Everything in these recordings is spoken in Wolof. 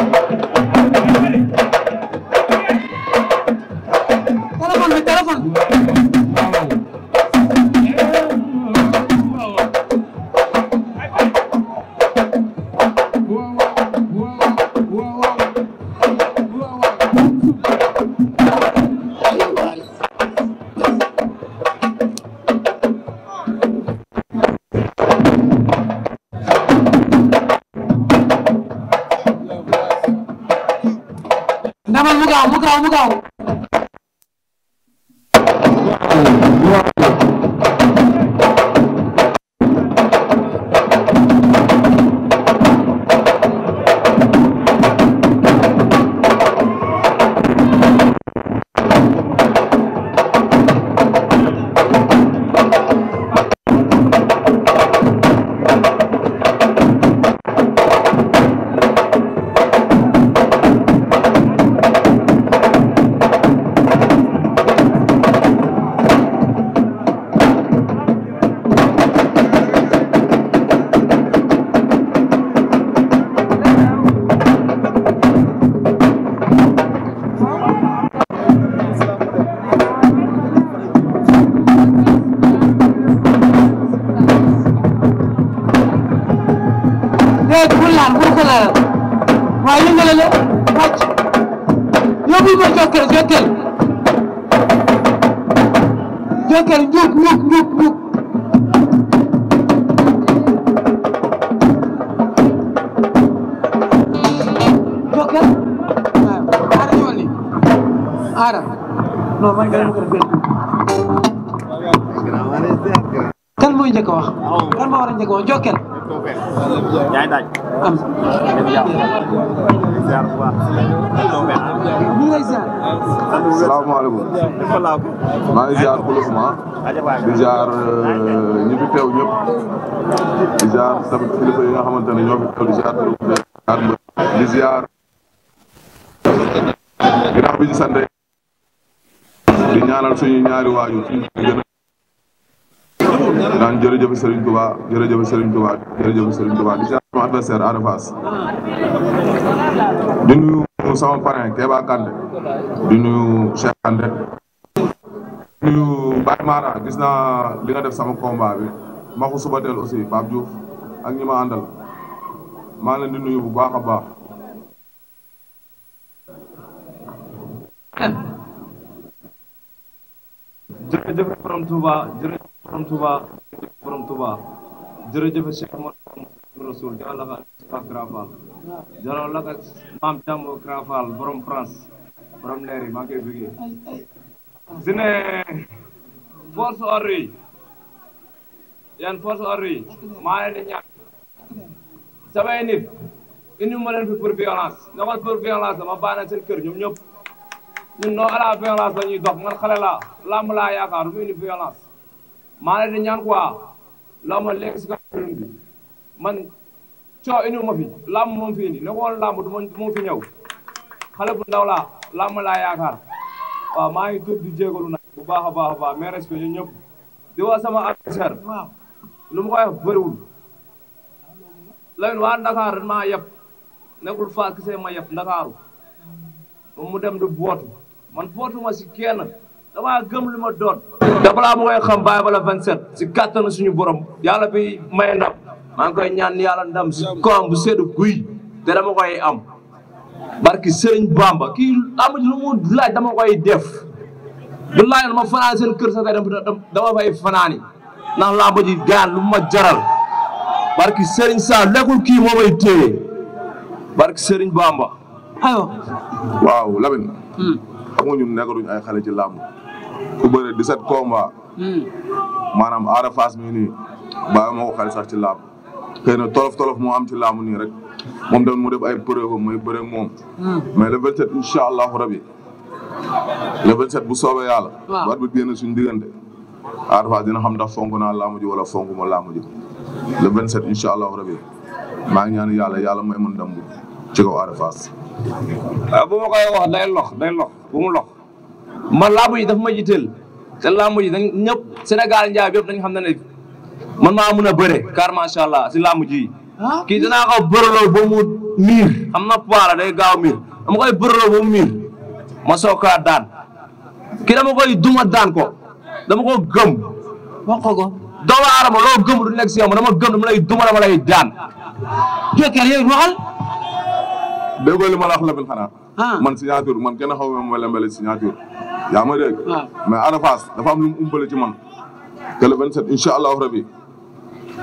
Thank you. gaaw mu gaaw naan bu ko laal waaye yëngale la wàcc yóbbul ma jokkal jokkal jokkal njuk njuk njuk njuk jokkal waaw aada ñëwal nii aada non man nga ko def kan mooy njëkk a wax kan moo war a njëkk a wax jokkal Tawfekh yaay daaj am dem yaaw ziar bu baax Tawfekh ñu lay ziar salaamaaleykum maa ngi ziar Koulousma di ziar ñi fi teew ñëpp di ziar tamit kilifa yi nga xamante ne ñoo fi teew di ziar di ziar ginnaaw bi ñu sant di ñaanal suñu ñaari waajur suñu gën naan jërëjëf Serigne Touba jërëjëf Serigne Touba jërëjëf Serigne Touba di sama adversaire Ada Fass di nuyu sama parrain Kéba Kanté di nuyu Cheikh di nuyu Baye Mara gis naa li def sama combat bi maxu subateel aussi Pape Diouf ak ñi ma àndal maa ngi leen di nuyu bu baax a baax borom Touba borom Touba jërëjëf Cheikh Mouhamadou Rasoul di àllaxa Moustapha Krafal jalo France borom leer maa ngi koy bëggee force ordre yi yan force ordre yi maa leen di ñaan samay nit indi ma leen fi pour violence ndaxal pour violence dama bàyyi na seen kër ñoom ñëpp ñun noo ala violence la ñuy dox man xale laa làmb laa yaakaar mu indi violence maana di ñaan quoi làmb léegi si kaw bi man coo indi ma fi làmb moom fii nii ne ko woon làmb du ma fi ñëw xale bu ndaw laa làmb laa yaakaar waaw maa ngi tudd di jégalu na bu baax a baax a baax mais respect ñun ñëpp di wax sama adversaire lu ma koy wax bëriwul Lamine waa Ndakaar maa yeb nekkul Fass kese ma yeb Ndakaaru mu dem di bootu man bootuma si kenn damaa gëm li ma doon te balaa ma koy xam bàyyi ba la vingt sept si kàttan suñu borom yàlla bi may ndam maa ngi koy ñaan yàlla ndam si kawam bu seddu guy dama koy am barki sëriñ Bamba kii am lu mu laaj dama koy def ndax làmb lu ma jaral barki sëriñ sa lekkul kii moo may téye barki sëriñ Bamba aywa waaw Lamine hmm. xam nga ñun nekkatuñ ay xale ci ku bëre 17 combats. Hmm. maanaam Ada Fass mi nii bàyyi ma ko ci làmb xëy na tolof tolof moo am ci làmb nii rek moom tamit mu def ay preuve mooy bëre moom. Hmm. mais le 27 incha allahu rabi le 27 bu soobee yàlla. waaw war bi génn suñu diggante. dina xam ndax fonk naa làmb ji wala fonk ma làmb ji le set incha allahu rabi maa ngi ñaan yàlla yàlla may mën ndam ci kaw Ada ah, bu ma koy wax day lox day lox bu mu lox. man làmb ji daf ma jiiteel te làmb ji dañ ñëpp Sénégal njaay bi yëpp dañ xam ne ne man mun a bëre car macha allah si làmb ji ah, kii dinaa ko bëraloo ba miir xam na paala day gaaw miir dama koy bëraloo ba mu miir ma soog kaa daan kii dama koy duma daan ko dama ko gëm wax ko ko doomu aadama gëm du nekk si yow dama gëm dama lay duma dama lay daan jokkeel yow waxal déggoo li ma la wax la bil man signature man kenn xaw ma ma lembale signature yaa ma dégg mais Ada dafa am lu mu umpale ci man te le 27 allahu rabi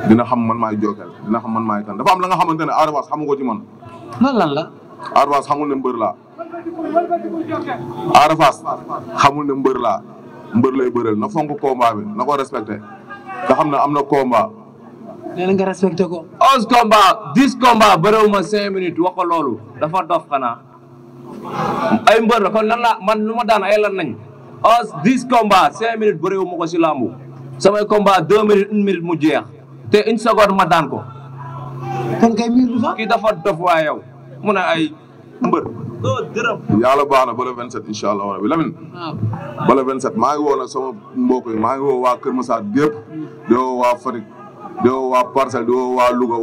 dina xam man maay jokel dina xam man maay kan dafa am la nga xamante ne Ada Fass xamu ko ci man lan la Ada Fass xamul ne mbër laa Ada Fass mbër laa mbër lay bëreel na fonk combat bi na ko respecté nga xam ne am na combat nee na nga respecté ko onze combat dix combat bëréew ma cinq minutes wax loolu dafa dof xanaa ay mbër la kon lan la man lu ma daan ay lan nañ os dix combats cinq minutes bëréewu ma ko si làmbu samay combat deux minutes minute mu jeex te une ma daan ko kon kay miir du sax dof waa mu ay mbër doo dërëm yàlla baax na ba le 27 incha allah rabi Lamine ba le 27 maa ngi woo nag sama yi maa ngi woo waa Kër Massar yëpp di woo waa Fatick di woo waa Parcelles waa Louga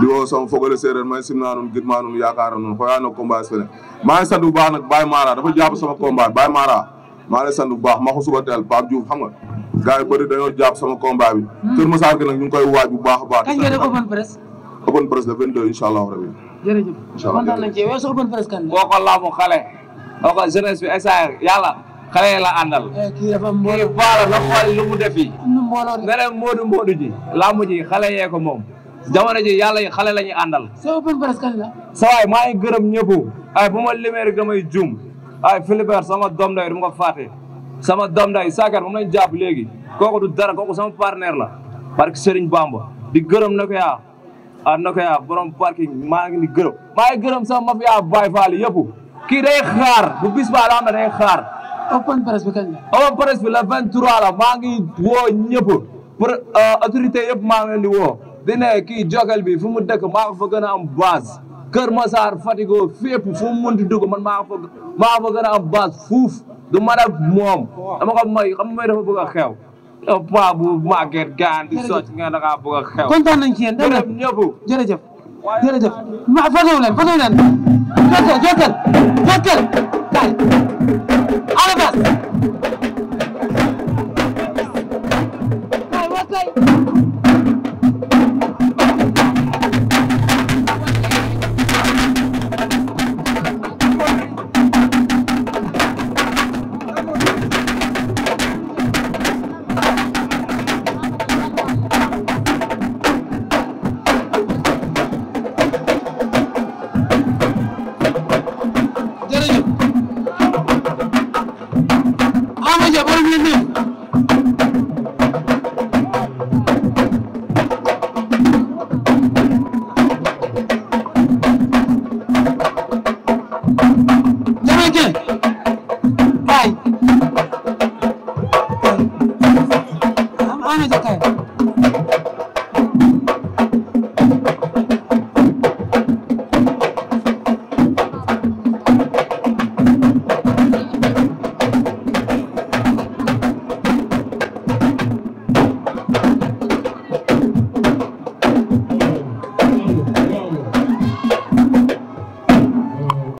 di woo sama fogole séeréer may simnaa nun gid maa nun yaakaara nun xooyaa no combat fene maa ngi sant bu baax nag Baye Mara dafa jàpp sama combat Baye Mara maa ngi lay bu baax maxu ba teel Pape Diouf xam nga gars yi bëri dañoo jàpp sama combat bi hmm. Kër Massar gi nag ñu ngi koy waaj bu baax a baax kañ nga def open boo ko xale boo ko jeunesse bi esa yàlla xale yi la àndal eh, kii dafa mbooloo kii baala na xool defi mbooloo ne leen moodu ji laamu ji xale yee ko moom jamono ji yàlla yi xale la ñuy àndal. sa waay maa ngi gërëm ñëpp ay bu ma limee rek damay juum ay sama doom nday du ma ko fàtte sama doom nday Sakar jàpp léegi kooku du dara kooku sama partenaire la parce que Serigne bo di gërëm na ko yaa ah parking maa ngi di gërëm maa ngi gërëm sama mafia Baye Fall yëpp kii day xaar bu bis ba la day xaar open press bi la open press woo ñëpp euh, autorité yëpp maa ngi leen di woo di ki kii bi fu mu dëkk maa ko gën am base Kër Masaar Fatigo fépp fu mu munti man maa ko fa maa ko fa gën a am base fuuf du man ak moom dama may may dafa bëgg a xew dafa paa bu gaan di socc nga da ngaa bëgg xew kontaan nañ ci yéen ma fasow leen fasow leen jokkal jokkal jokkal kaay